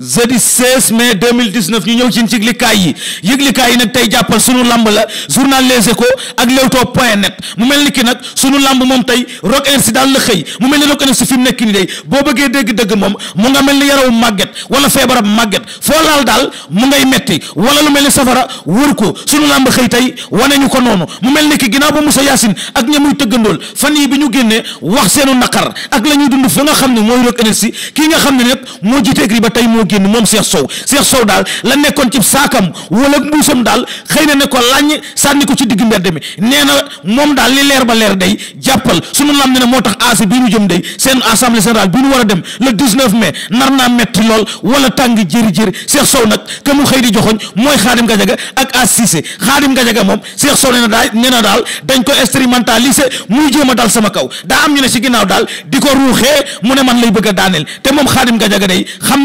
jeudi 16 mai 2019 ñu ñëw ci yëglikaay yi yëglikaay yi nag tey jàppal sunu lamb la journal Les Échos ak Leewtoo point net mu mel ni ki nag sunu lamb moom tey Rock Énergie daal la xëy mu mel ni Rock Énergie fi mu nekk nii day boo bëggee dégg-dëgg moom mu nga mel ni yarawu màgget wala feebarab màgget foo laal daal mu ngay metti wala lu mel ni safara wër ko sunu lamb xëy tey wane ñu ko noonu mu mel ni ki ginnaaw ba Moussa Yacine ak ña muy tëggandool fan yi bi ñu génnee wax seenu naqar ak la ñuy dund nga xam ne mooy Rock Énergie kii nga xam ne nag moo jiite écurie ba tey moo génn moom Cheikh Sow Cheikh Sow daal la nekkoon ci saakam wala mbuusam daal xëy na ne ko làññ sànni ko ci digg de mi nee na moom daal li leer ba leer day jàppal sunu lam ne ne moo tax AC bi ñu jëm day seen assemblée générale bi ñu war a dem le 19 mai nar naa metti lool wala tàng jëri-jëri seex Sow nag ka mu xëy di joxoñ mooy Khadim Gadiaga ak si Cissé Khadim Gadiaga moom Cheikh Sow nee na daal nee na daal dañ ko expérimentaliser muy jéem a dal sama kaw daa am ñu ne ginnaaw daal di ko ruuxee mu ne man lay bëgg a daaneel te moom Khadim Gadiaga day xam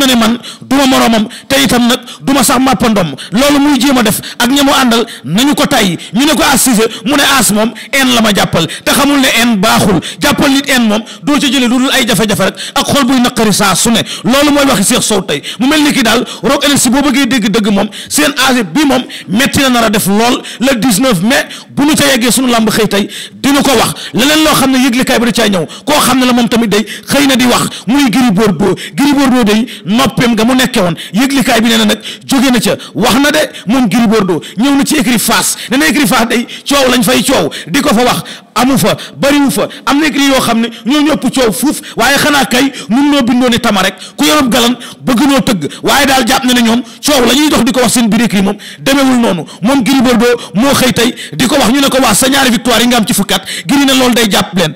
du ma moroomam te itam nag du ma sax màppandom loolu muy jéem a def ak ña mu àndal nañu ko tàyyi ñu ne ko as Cissé mu ne as moom en la ma jàppal te xamul ne en baaxul jàppal nit en moom doo ca jële lu dul ay jafe-jafe rek ak xol buy naqari saa su ne loolu mooy waxi Cheikh Sow tey mu mel ni ki daal Rock Énergie boo bëggee dégg dëgg moom seen âge bi moom metti na nar def lool le 19 mais bu nu ca yeggee suñu làmb xëy tey dina ko wax leneen loo xam ne yëglikaay bi da caa ñëw koo xam ne la moom tamit day xëy na di wax muy Gris Bordeaux Gris Bordeaux day noppeem nga mu nekke woon yëglikaay bi ne na nag jóge na ca wax na de moom Gris Bordeaux ñëw na ci écurie Fass nee na écurie Fass day coow lañ fay coow di ko fa wax amu fa bariwu fa am na écrit yoo xam ne ñoo ñëpp coow fuuf waaye xanaa kay mun noo bindoo ni tama rek ku yorob galan bëgg noo tëgg waaye daal jàpp na ne ñoom coow la ñuy dox di ko wax seen biir écrit moom demewul noonu moom Gris di ko wax ñu ne ko waa sa ñaari victoire yi am ci fukkat Gris na loolu day jàpp leen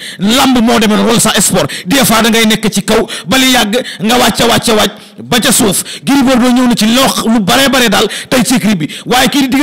moo demee noonu wala sa sport des ngay nekk ci kaw bali nga wàcca wàcca wàcc ba ca suuf Gris Bordeaux ñëw na loo lu baree bare daal tey bi waaye kii di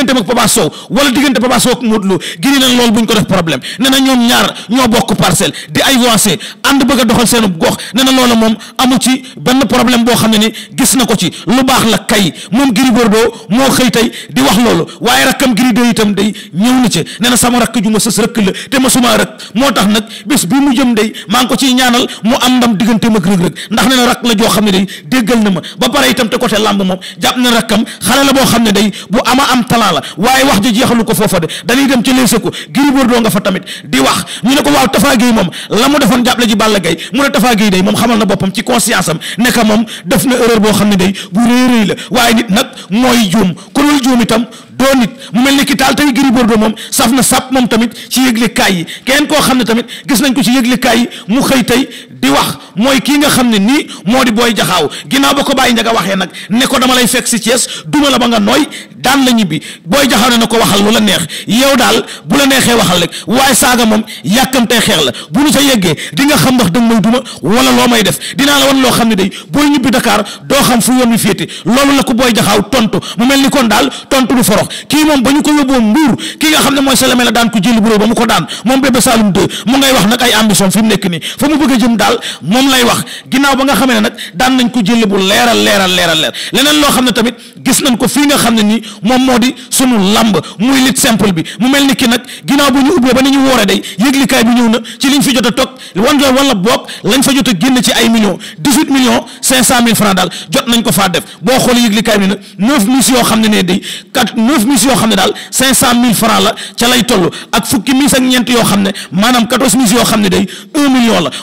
wala diggante Papa Sow ak Modou ko def problème ñoom ñaar ñoo bokk parcelle di ay voisins ànd bëgg a doxal seenu gox nee na loola moom amu ci benn problème boo xam ne ni gis na ko ci lu baax la kay moom Gris Bordeaux moo xëy tey di wax loolu waaye rakkam Gris Bordeaux itam day ñëw na ci nee na sama rakk ju ma sës rëkk la te ma suma rek moo tax nag bis bi mu jëm day maa ngi ko ciy ñaanal mu am ndam diggante mag rëg-rëg ndax nee na rakk la joo xam ne day déggal na ma ba pare itam te côté làmb moom jàpp na rakkam xale la boo xam ne day bu ama am talent la waaye wax ja jeexalu ko foofa de dañuy dem ci leese ko Gris Bordeaux nga fa tamit di wax ñu ne ko waaw Tafa Gueye moom la mu defoon jàppale ji Balla Gaye mu ne Tafa Gueye day moom xamal na boppam ci conscience am ne moom def na erreur boo xam ne day bu rëy rëy la waaye nit nag mooy juum ku dul juum itam doo nit mu mel ni ki taal tey Gris Bordeaux moom saf na sàpp moom tamit ci yëglekaay yi kenn koo xam ne tamit gis nañ ko ci yëglekaay yi mu xëy tey di wax mooy kii nga xam ne nii moo di booy jaxaaw ginnaaw ba ko bàyyi njaga waxee nag ne ko dama lay fekk si Thiès duma la ba nga nooy daan la ñibbi booy jaxaaw ne na ko waxal lu la neex yow daal bu la neexee waxal rek waaye saaga moom yàkkamtee xeex la bu ñu sa yeggee di nga xam ndax danga may duma wala loo may def dinaa la wan loo xam ne day booy ñibbi Dakar doo xam fu yoon wi féete loolu ko booy jaxaaw ak tontu mu mel ni kon daal tontu du forox kii moom ba ñu ko yóbboo mbuur kii nga xam ne mooy Sélé Mélé daan ko jëli bu réy ba mu ko daan moom bébé Saloum 2 mu ngay wax nag ay ambition fi nekk nii fa mu bëgg a jëm daal moom lay wax ginnaaw ba nga xamee ne nag daan nañ ko jëli bu leeral leeral leeral leer leneen loo xam ne tamit gis nañ ko fii nga xam ne nii moom moo di sunu lamb muy lit simple bi mu mel ni ki nag ginnaaw bu ñu ubbee ba ni ñu woore day yëglikaay bi ñëw na ci liñ fi jot a toog wan la wala boog lañ ci ay millions dix-huit millions cinq cent mille francs daal jot nañ ko faa def boo xool yëglikaay bi nag neuf miss yoo xam ne ne day quatre neuf yoo xam ne daal cinq cent mille francs la ca lay toll ak fukki miss ak ñeent yoo xam ne maanaam quatorze miss yoo xam ne day un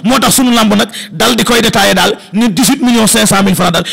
moo tax sunu làmb nag dal koy détaillé daal ne dix-huit millions cinq cent mille francs bi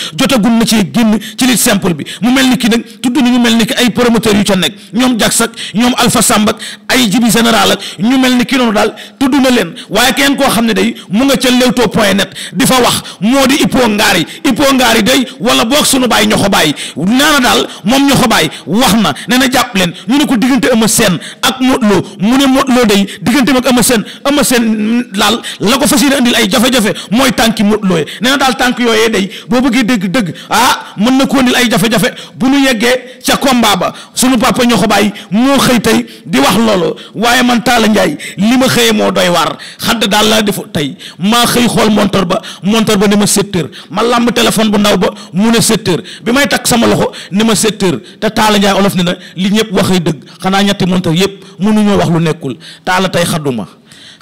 mu mel ni ki nag tudd ni ñu mel ni ki ay promoteurs yu ca nekk ñoom Jaks ak ñoom Alpha Samb ak ay jibi général ak ñu mel ni ki noonu daal tudd na leen waaye kenn koo xam ne day mu nga ca leewtoo point net di fa wax moo di Ipo Ngari Ipo Ngari day wala boog sunu bàyyi ñoxo bàyyi nee na daal moom ñoo ko wax na nee na jàpp leen ñu ne ko diggante Eumeu seen ak Modou Lô mu ne Modou Lô day diggante ak Eumeu Sène Eumeu seen laal la ko fas yéene andil ay jafe-jafe mooy tànki Modou Lô nee daal tànk yooyee day boo bëggee dëgg dëgg ah mën na ko andil ay jafe-jafe bu ñu yeggee ca combat ba sunu papa ñoo ko bàyyi moo xëy tey di wax loolu waaye man Talla Ndiaye li ma xëyee moo doy waar xadd daal laa defu tey maa xëy xool montor ba montor ba ne ma sept heures ma téléphone bu ndaw ba mu ne sept bi may takk sama loxo o ni ma secteur te Talla Ndiaye olof ne na li ñëpp waxee dëgg xanaa ñetti montar yëpp mënuñoo wax lu nekkul Talla tey xadduma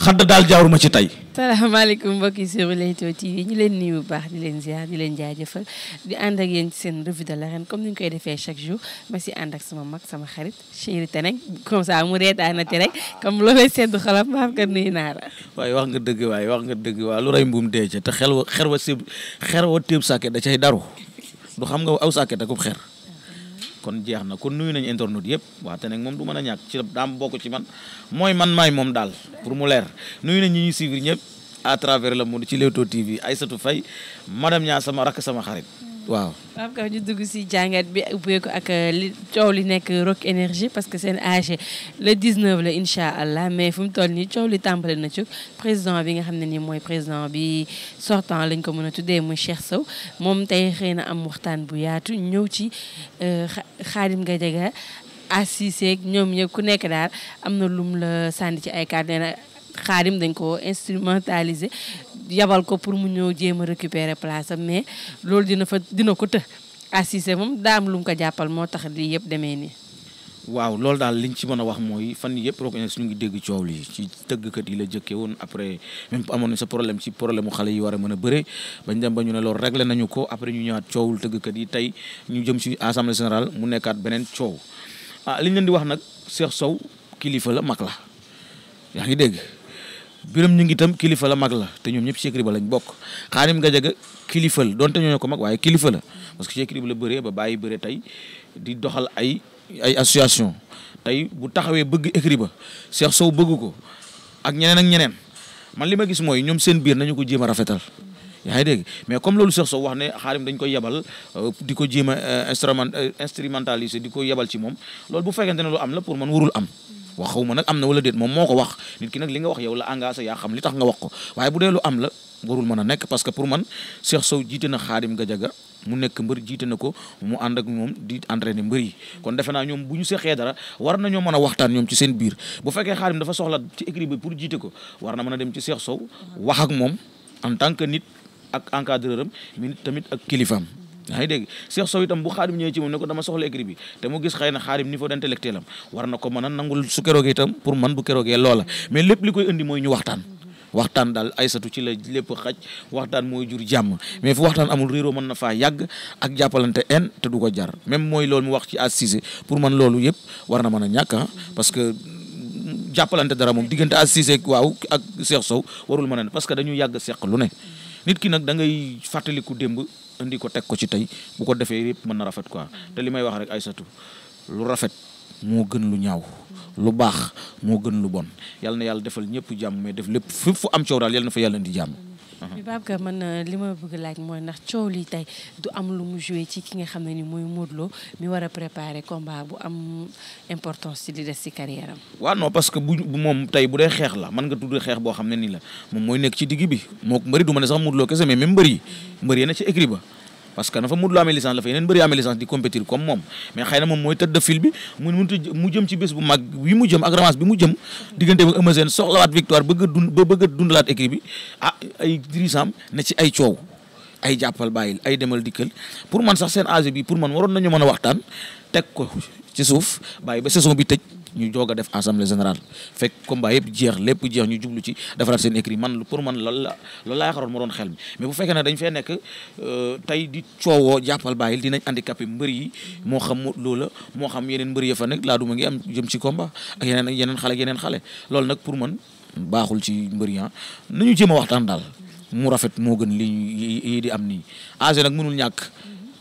xadda daal jaaruma ci tey. salaamaaleykum mbokki sur Leewtoo TV ñu leen nuyu bu baax di leen ziar di leen jaajëfal di ànd ak yéen seen revue de comme ni ñu koy defee chaque jour ma si ànd ak sama mag sama xarit chéri teneg comme ça mu reetaanati rek comme loolay seddu xolam maaf nga nuyu naa la. waaye wax nga dëgg waaye wax nga dëgg waaye lu rey mbuum dee ca te xel wa xer wa sib xer wa téeb sàkke da cay daru. du xam nga aw sàkket ak xeer kon jeex na kon nuyu nañ internet yëpp waa te nag moom du mën a ñàkk ci daam bokk ci man mooy man maay moom daal pour mu leer nuyu nañ ñi ñuy suivre ñëpp à travers le monde ci Leewtoo TV Aïssatou Faye madame ñaa sama rakk sama xarit waaw waaw kaw ñu dugg si jàngat bi ubbeeku ak euh, li coow li nekk Rock Énergie parce que seen AG le 19 la incha allah mais fu mu toll nii coow li tàmbale na ci président bi nga xam ne nii mooy président bi sortant lañ ko mën a tuddee muy Cheikh Sow moom tey xëy na am waxtaan bu yaatu ñëw ci euh, Khadim Gadiaga Assise ñoom ñëpp ku nekk daal am na lum la sànni ci ay kàddu nee na Khadim dañ ko instrumentaliser yabal ko pour mu ñëw jéem a récupérer place am mais loolu dina fa dina ko të assisé moom daa am lu mu ko jàppal moo tax lii yëpp demee nii. waaw loolu daal liñ ci mën a wax mooy fan yëpp Rock Énergie ñu ngi dégg coow li ci tëggkat yi la jëkkee woon après même na sa problème ci problème xale yi war mën a bëre bañ dem ba ñu ne loolu réglé nañu ko après ñu ñëwaat coowul tëggkat yi tey ñu jëm ci assemblée général mu nekkaat beneen coow ah liñ leen di wax nag Cheikh Sow kilifa la mag la yaa ngi dégg. biram ñu ngi itam kilifa la mag la te ñoom ñëpp ci écurie lañ bokk xaarim nga jaga kilifa la donte ñoo ko mag waaye kilifa la parce que ci écurie ba la bëree ba bàyyi bëre tey di doxal ay ay association tey bu taxawee bëgg écurie Cheikh Sow bëgg ko ak ñeneen ak ñeneen man li ma gis mooy ñoom seen biir nañu ko jéem a rafetal yaa ngi dégg mais comme loolu Cheikh Sow wax ne xaarim dañ koy yebal euh, di ko jéem a euh, instrument euh, instrumentaliser di ko yebal ci moom loolu bu fekkente ne lu am la pour man warul am waxaw ma nag am na wala déet moom moo ko wax nit ki nag li nga wax yow la engagé yaa xam li tax nga wax ko waaye bu dee lu am la warul mën a nekk parce que pour man Cheikh Sow jiite na Khadim Gadiaga mu nekk mbër jiite na ko mu ànd ak moom di entraîner mbër yi kon defe naa ñoom bu ñu seexee dara war nañoo mën a waxtaan ñoom ci seen biir bu fekkee Khadim dafa soxla ci écrit bi pour jiite ko war na mën a dem ci Cheikh Sow wax ak moom en tant que nit ak encadreur am mais nit tamit ak kilifaam yaa ngi dégg Cheikh Sow itam bu xaadim ñëwee ci moom ne ko dama soxla écrit bi te mu gis xëy na xaadim niveau d'intellectuel am war ko mën a nangul su keroogee itam pour man bu keroogee loola mais lépp li koy indi mooy ñu waxtaan waxtaan daal aysatu ci la lépp xaj waxtaan mooy jur jàmm mais fu waxtaan amul réeroo man na faa yàgg ak jàppalante en te du ko jar même mooy loolu mu wax ci assise pour man loolu yëpp war na mën a ñàkk ah parce que jàppalante dara moom diggante assise waaw ak Cheikh Sow warul mën a ne parce que dañu yàgg seq lu ne démb indi ko teg ko ci tey bu ko defee yëpp mën na rafet ko te li may wax rek Aïssatou lu rafet moo gën lu ñaaw lu baax moo gën lu bon yal na yàlla defal ñëpp jàmm mais def lépp fu am coow daal yal na fa yàlla di jàmm Mhm. mais Babacar man euh, li ma bëgg laaj mooy ndax coow li tey du am lu mu joué ci ki nga xam ne ni mooy Modou Lo mi war a préparer combat bu am importance ci li des si carrière am. waaw non parce que bu moom tey bu dee xeex la mën nga tudd xeex boo xam ne nii la moom mooy nekk ci digg bi moo ko mbëri du ma ne sax Modou Lo kese mais même mbëri mbëri na ci écrit ba. parce que na fa Modou Lo amee licence la fa yeneen bëri amee licence di compétir comme moom mais xëy na moom mooy tëdd fil bi mu jëm ci bés bu mag bi mu jëm ak bi mu jëm diggante ak Eumeu Sène soxlawaat victoire bëgg a dund ba a dundalaat équipe bi ah ay dirigeants ne ci ay coow ay jàppal bàyyil ay demal dikkal pour man sax seen âge bi pour man waroon nañu mën a waxtaan teg ko ci suuf bàyyi ba saison bi tëj ñu joog a def assemblée générale fekk combat yëpp jeex lépp jeex ñu jublu ci defaraat seen écrit man pour man loolu la loolu moo doon xel mi bu fekkee ne dañ fee nekk euh, tey di coowoo jàppal bàyyil dinañ handicapé mbër yi moo xam mu loola moo xam yeneen mbër ya fa nekk laa duma ngi am jëm ci combat ak yeneen ak yeneen xale ak yeneen xale loolu nag pour man baaxul ci mbër yi ah. nañu jéem a waxtaan daal mu rafet moo gën li yi di am nii âge nag mënul ñàkk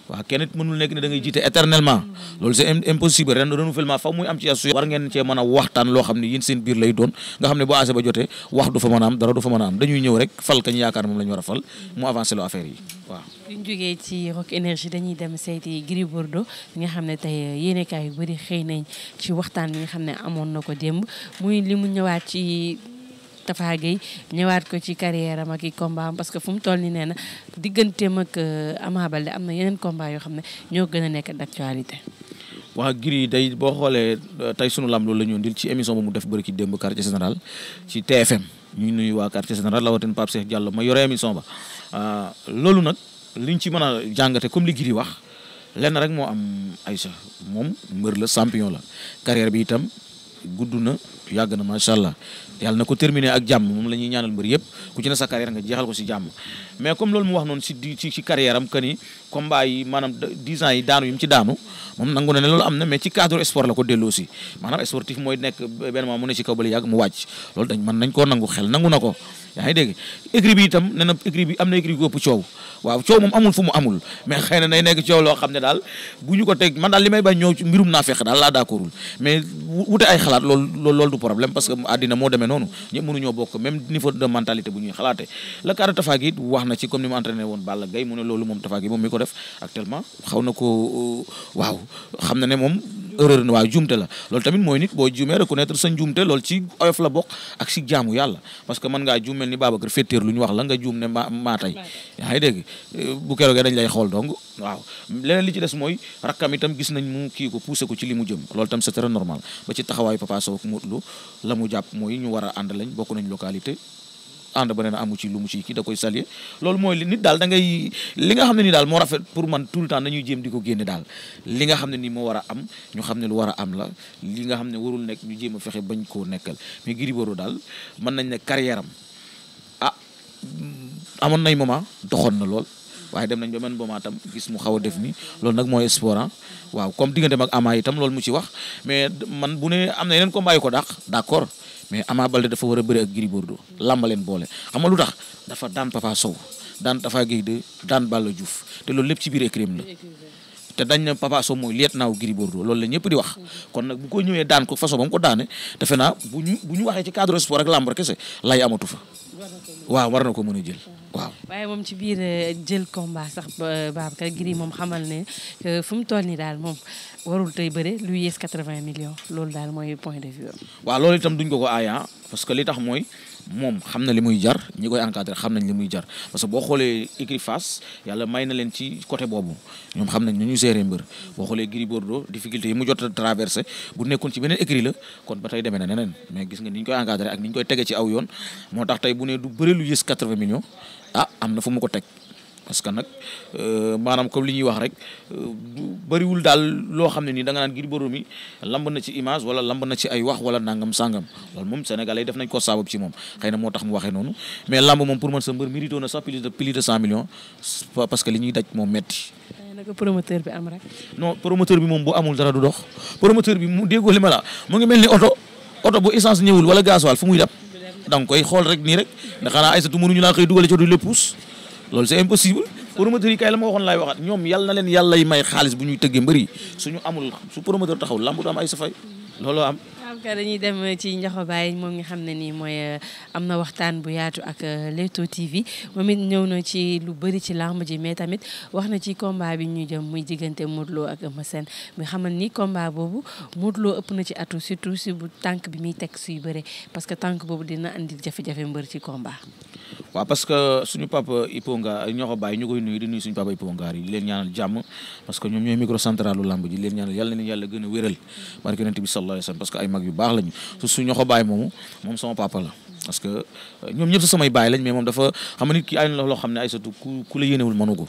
waaw kenn mënul nekk ne da jiite éternellement loolu c'est impossible ren renouvellement fa muy am ci association war ngeen mën a waxtaan loo xam ne yéen seen biir lay doon nga xam ne bu ase ba jotee wax du fa mën a am dara du fa mën a am dañuy ñëw rek fal kañ yaakaar moom la war a fal mu avancé loo affaire yi waaw buñ ci Rock Énergie dañuy dem seeti Gris Bordeaux nga xam ne tey yéenekaay yu xëy nañ ci waxtaan bi nga xam ne amoon na ko démb muy Tafa Gueye ñëwaat ko ci carrière am ak i combat parce que fu mu toll nii nee na digganteem ak euh, Ama Baldé am na yeneen combat yoo xam ne ñoo gën a nekk d'actualité. waa Gris day boo xoolee euh, tey sunu lamb loolu la ñu indil ci émission bu mu def bëri ki démb quartier général ci TFM ñu nuyu waa quartier général la wateen Pape Cheikh Diallo ma yore émission ba euh, loolu nag liñ ci mën a jàngate comme li Gris wax lenn rek moo am Aïcha moom mbër la champion la carrière bi itam gudd na yàgg na macha allah yàlla na ko terminer ak jàmm moom la ñaanal mbër yëpp ku ci ne sa carrière nga jeexal ko si jàmm mais comme loolu mu wax noonu si ci ci mu ci daanu moom nangu na mooy nekk benn moment nañ koo nangu xel nangu na ko yaa ngi dégg écrit bi itam ne na écrit bi coow waaw coow moom amul fu mu amul mais xëy nay nekk coow loo xam ne daal bu ñu ko teg man daal li may bañ mbirum naa fexe daal laa d'accordul mais wute ay xalaat demee noonu ñëpp mënuñoo bokk même niveau de mentalité bu ñuy xalaate la kaara Tapha Gueye ci comme ni mu entraîné woon Balla Gaye mu loolu moom Tapha moom mi ko def actuellement xaw ko euh, waaw xam na ne moom erreur na waaw jumte la loolu tamit mooy nit boo juumee reconnaître sa jumte lool ci oyof la bokk ak si jaamu yàlla parce que mën ngaa juum mel ni Babacar féeteer lu ñu wax la nga juum ne ma maa yaa ngi dégg bu keroogee dañ lay xool donc waaw leneen li ci des mooy rakkam itam gis nañ mu kii ko poussé ko ci li mu jëm loolu tam c'est très normal ba ci taxawaayu Papa Sow ak Modou Lo la mu jàpp mooy ñu war a ànd lañ bokk nañ localité ànd ba ne na amu ci lu mu ci kii da koy saluer loolu mooy li nit daal da ngay li nga xam ne ni daal moo rafet pour man tout le temps dañuy jéem di ko génne daal li nga xam ne ni moo war am ñu xam ne lu war a am la li nga xam ne warul nekk ñu jéem a fexe bañ koo nekkal mais Gris Bordeaux daal mën nañ ne carrière am ah amoon nay moment doxoon na lool waaye dem nañ ba man boomaa tam gis mu xaw def nii loolu nag mooy sport ah. waaw comme diggante mag Ama itam loolu mu ci wax mais man bu ne am na yeneen ko yu ko dàq d'accord mais amaa Baldé dafa war a bëri ak Gris Bordeaux leen boole xam nga lu tax dafa daan Papa Sow daan Tafa Guèye daan Balla Diouf te loolu lépp ci biir écrim la te dañ na Papa Sow mooy liet naaw Gris Bordeaux loolu la ñëpp di wax kon nag bu ko ñëwee daan ko façon ba mu ko daane defe naa bu ñu waxee ci cadre sport ak lamb kese lay amatu fa waaw war na ko mën jël waaw. waaye moom ci biir eh, jël combat sax Babacar Gris moom xamal ne fu mu toll nii daal moom warul ba bëre lu yées 80 millions loolu daal mooy point de vue waaw loolu itam duñ ko ko aaya ah, parce que li tax mooy moom xam na li muy jar ñi koy encadré xam nañ li muy jar parce que boo xoolee écurie Fass yàlla may na leen ci côté boobu ñoom xam nañ nu ñu gérer mbër boo xoolee Gris Bordeaux difficulté yi mu jot a traversé bu nekkoon ci beneen écurie la kon ba tey demee na neneen mais gis nga ni ñu koy encadré ak ni ñu koy tege ci aw yoon moo tax tey bu nee du bëri lu yës 80 millions ah am na fu mu ko teg parce que nag euh, maanaam comme li ñuy wax rek euh, bëriwul daal loo xam ne nii da nga naan Gris Bordeaux mi lamb na ci image wala lamb na ci ay wax wala nangam sangam loolu moom sénégalais def nañ ko saabab ci moom xëy na moo tax mu waxee noonu mais lamb moom pour man sa mbër mérito na sax plus de plus de cent millions parce que li ñuy daj moom metti euh, naka promoteur bi bi moom bu amul dara du dox promoteur bi mu déggoo li ma la mu ngi mel ni oto oto bu essence ñëwul wala gasoil fu muy dab da nga koy xool rek nii rek ndax xanaa loolu c'est impossible promoteur yi kay la ma waxoon laay waxaat ñoom yal na leen yàlla may xaalis bu ñuy tëggee mbëri suñu amul su promoteur taxaw lamb du am ay safay looloo am am ka dañuy dem ci Ndiakhobaye moom nga xam ne nii mooy euh, am na waxtaan bu yaatu ak euh, Leewtoo TV moom it ñëw na ci lu bëri ci làmb ji mais tamit wax na ci combat bi ñu jëm muy diggante Modou Lo ak Eumeu Sène mi xamal ni combat boobu Modou Lo ëpp na ci atu surtout si tànk bi muy teg suy bëre parce que tànk boobu dina andi jafe-jafe mbër ci combat. waaw parce que suñu papa Iponga Ndiakhobaye ñu koy nuyu di nuyu suñu papa Iponga yi di leen ñaanal jàmm parce que ñoom ñooy micro central lu làmb ji di leen ñaanal yàlla gën a wéral barke yonent bi sallallahu alayhi mag yu baax lañu su ñoxo baay moomu moom sama papa parce que euh, ñoom ñëpp su samay baay lañ mais moom dafa xam nit ki ay na loo xam ne ay surtout ku ku la yéenewul mënu ko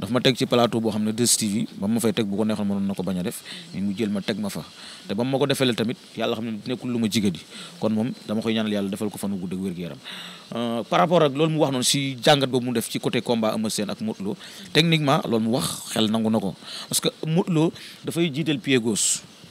daf ma teg ci plateau boo xam ne 2STV ba a mu ma teg kon moom dama koy ñaanal yàlla defal ko fan wu gudd ak wér yaram euh, par rapport ak loolu mu wax noonu si jàngat boobu mu def ci côté combat Eumeu ak Modou Lo techniquement loolu mu wax xel nangu na ko parce que Modou dafay jiital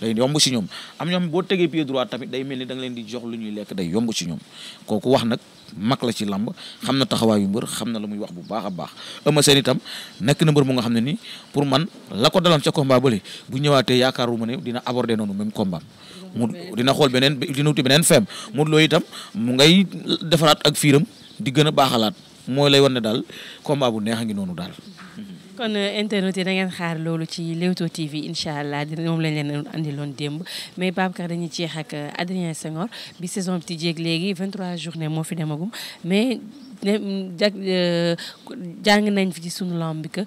day yomb si ñoom am ñoom boo tegee pied droit tamit day mel ni da nga leen di jox lu ñuy lekk day yomb si ñoom kooku wax nag mag la ci làmb xam na taxawaayu mbër xam na la muy wax bu baax a baax Eumeu Sène itam nekk na mbër mu nga xam ne nii pour man la ko daloon ca combat bële bu ñëwaatee yaakaaruma ne dina aborder noonu même combat mu dina xool beneen dina wuti beneen feem mu loolu itam mu ngay defaraat ak fiiram di gën a baaxalaat mooy lay wan ne daal combat bu neex a ngi noonu daal kon euh, internet yi da ngeen xaar loolu ci Leewtoo TV incha allah dina moom lañ leen andiloon démb mais Babacar dañuy jeex ak euh, Adrien Senghor bi saison bi ti jeeg léegi 23 journée moo fi demagum mais euh, jàng nañ fi ci sunu lamb bi que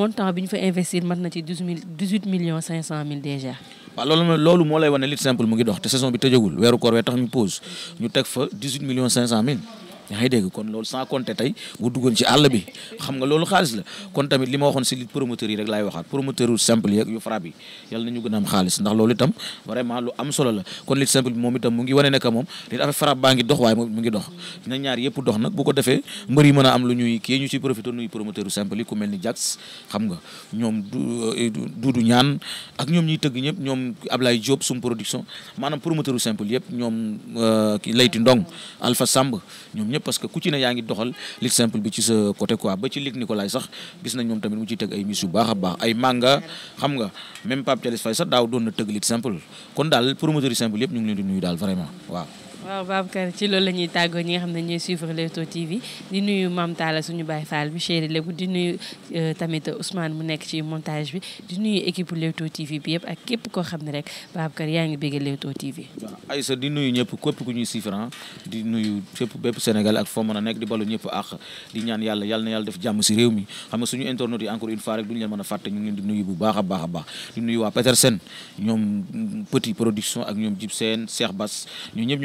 montant bi ñu fa investir mat na ci 12 mille 18 millions 500 mille déjà. waaw loolu moo lay wane lutte simple mu ngi dox te saison bi tëjagul weeru koor wee tax ñu pause ñu teg fa 18 millions 500 mille. yaa ngi dégg kon loolu sans compter tey bu duggoon ci xam nga loolu xaalis la kon tamit li ma waxoon si li promoteurs yi rek laay waxaat promoteur yu simple yeeg yu frappe yi yàlla na ñu gën a am li simple moom itam mu ngi wane ne que moom li dafa frappe baa ngi dox waaye mu ngi dox na ñaar yëpp dox nag bu ko defee mbër yi mën a am lu ñuy kii ñu ci profité nuy promoteur yu simple yi ku mel ni Jax xam nga ñoom duudu ñaan euh, ak ñoom ñii tëgg ñëpp ñoom Ablaye Diop sum production maanaam promoteur yu simple yëpp ñoom euh, Leyti Ndong Alpha Samb ñoom ñëpp parce que ku ci ne yaa ngi doxal lit simple bi ci sa côté quoi ba ci Luc Nicolaï sax gis nañ moom tamit mu ciy teg ay miss yu baax a baax ay xam nga même Pape Thialis Faye sax daaw doon na tëgg lit simple kon daal promoteurs yi simple yëpp ñu ngi nuyu daal vraiment waaw waaw Babacar ci loolu la ñuy tàggoo ñi nga xam ne ñuy suivre Leewtoo TV di nuyu Mame Talla suñu Baye Fall bi chéri lébu di nuyu euh, tamit Ousmane mu nekk ci montage bi di nuyu équipe Leewtoo TV bi yëpp ak képp koo xam ne rek Babacar yaa ngi bëgg Leewtoo TV. ay sa di nuyu ñëpp képp ku ñuy suivre ah, di nuyu fépp bépp Sénégal ak foo mën a nekk di balu ñëpp àq di ñaan yàlla yàlla na yàlla def jàmm si réew mi xam nga suñu internautes yi encore une fois rek duñu leen mën a fàtte ñu ngi leen di nuyu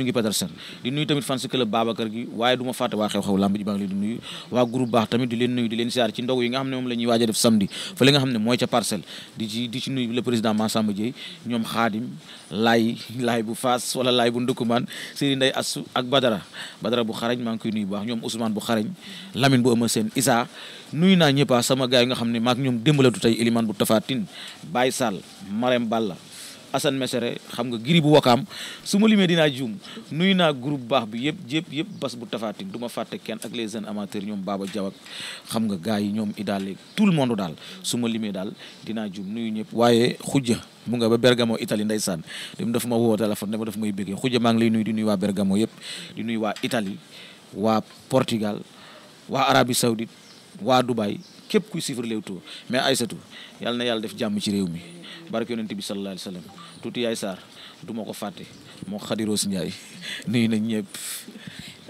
a baax a adversaire di nuyu tamit fans club Babacar gi waaye du fàtte waa xew-xew lamb ji baa ngi leen di nuyu waa groupe baax tamit di leen nuyu di leen siyaar ci ndogu yi nga xam ne a mooy ca parcelle di ci di ci président Massamba Dieye ñoom Xaadim laay bu Faas wala laay bu Ndukkumaan Serigne Ndeye Assou ak Badara bu xarañ maa ngi koy nuyu bu baax ñoom Ousmane bu xarañ Lamine bu Ama Sène Issa nuyu naa ñëppa ah, sama gaay nga xam ne maak ñoom démbalatu tey Elimane bu Tafatine Baye Sall assan Mesere xam nga giri bu wakaam su ma limee dinaa juum nuyu naa groupe baax bi yëpp yëpp yëpp bas bu tafaatin du ma fàtte kenn ak les jeunes amateurs ñoom Baba Diaw xam nga gars yi ñoom idaale tout le monde daal su ma limee daal dinaa juum nuyu ñëpp waaye xujja mu nga ba Bergamo Italie ndeysaan dem daf ma woo a dama daf may bëggee xujja maa ngi lay nuyu di nuyu waa Bergamo yëpp di nuyu waa itali waa Portugal waa Arabie Saoudite waa Dubaï képp kuy suivre Leewtoo mais Aysatu yàlla na yàlla def jàmm ci réew mi barke yonent bi sallallahu alayhi wa sallam tuuti yaay Sarr du ma ko fàtte moo xadiroos Ndiaye nuyu nañ ñëpp.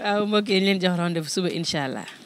waaw mbokk yi ñu leen jox rendez-vous suba incha allah.